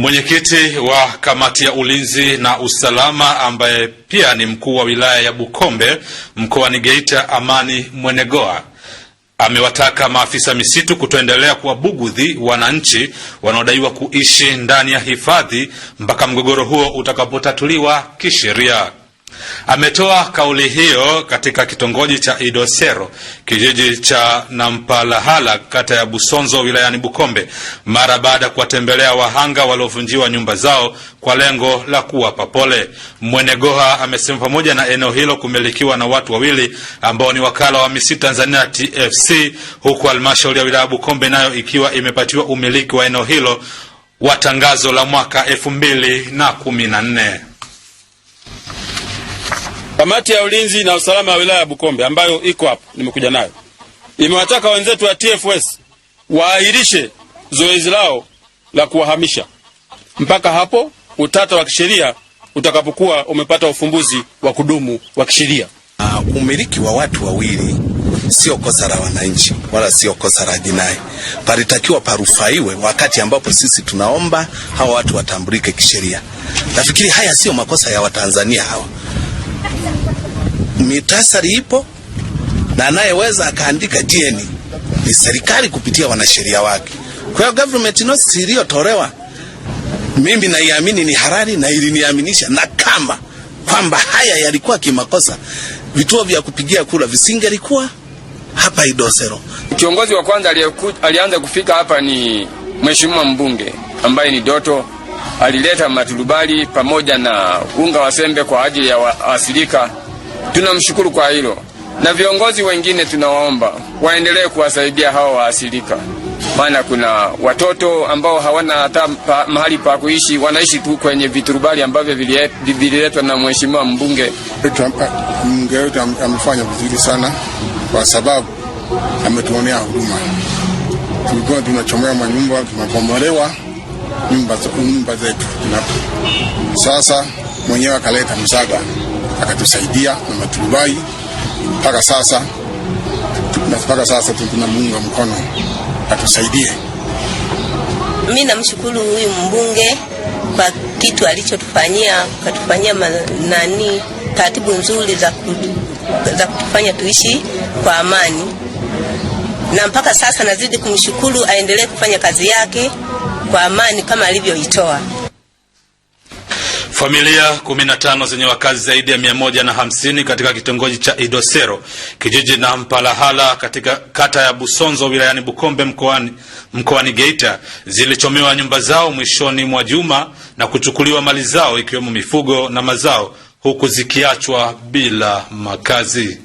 Mwenyekiti wa kamati ya ulinzi na usalama ambaye pia ni mkuu wa wilaya ya Bukombe mkoani Geita, Amani Mwenegoa amewataka maafisa misitu kutoendelea kuwabugudhi wananchi wanaodaiwa kuishi ndani ya hifadhi mpaka mgogoro huo utakapotatuliwa kisheria. Ametoa kauli hiyo katika kitongoji cha Idosero, kijiji cha Nampalahala, kata ya Busonzo, wilayani Bukombe, mara baada ya kuwatembelea wahanga waliovunjiwa nyumba zao kwa lengo la kuwapa pole. Mwenegoha amesema pamoja na eneo hilo kumilikiwa na watu wawili ambao ni wakala wa misitu Tanzania TFC, huku halmashauri ya wilaya Bukombe nayo ikiwa imepatiwa umiliki wa eneo hilo wa tangazo la mwaka elfu na Kamati ya ulinzi na usalama ya wilaya ya Bukombe ambayo iko hapa nimekuja nayo imewataka wenzetu wa TFS waahirishe zoezi lao la kuwahamisha mpaka hapo utata wa kisheria utakapokuwa umepata ufumbuzi wa kudumu wa kisheria. Uh, umiliki wa watu wawili sio kosa la wananchi wala sio kosa la jinai, palitakiwa parufaiwe, wakati ambapo sisi tunaomba hawa watu watambulike kisheria. Nafikiri haya sio makosa ya Watanzania hawa mitasari ipo na anayeweza akaandika jeni ni serikali kupitia wanasheria wake. Kwa hiyo government notice iliyotolewa mimi naiamini ni halali na iliniaminisha, na kama kwamba haya yalikuwa kimakosa, vituo vya kupigia kura visingelikuwa hapa Idosero. Kiongozi wa kwanza alianza kufika hapa ni mheshimiwa mbunge ambaye ni Doto alileta maturubali pamoja na unga wa sembe kwa ajili ya waasilika. Tunamshukuru kwa hilo, na viongozi wengine tunawaomba waendelee kuwasaidia hawa waasilika, maana kuna watoto ambao hawana hata pa, mahali pa kuishi, wanaishi tu kwenye viturubali ambavyo vililetwa na mheshimiwa mbunge. Mbunge wetu amefanya vizuri sana, kwa sababu ametuonea huduma Tulikuwa tunachomea manyumba, tunapomolewa nyumba, nyumba zetu. Sasa mwenyewe akaleta msaada akatusaidia na maturubai mpaka sasa, mpaka sasa tunamuunga mkono atusaidie. Mimi namshukuru huyu mbunge kwa kitu alichotufanyia, katufanyia nani taratibu nzuri za, kutu, za kutufanya tuishi kwa amani, na mpaka sasa nazidi kumshukuru, aendelee kufanya kazi yake kwa amani kama alivyoitoa. Familia 15 zenye wakazi zaidi ya 150 katika kitongoji cha Idosero kijiji na Mpalahala katika kata ya Busonzo wilayani Bukombe mkoani, mkoani Geita zilichomewa nyumba zao mwishoni mwa juma na kuchukuliwa mali zao ikiwemo mifugo na mazao huku zikiachwa bila makazi.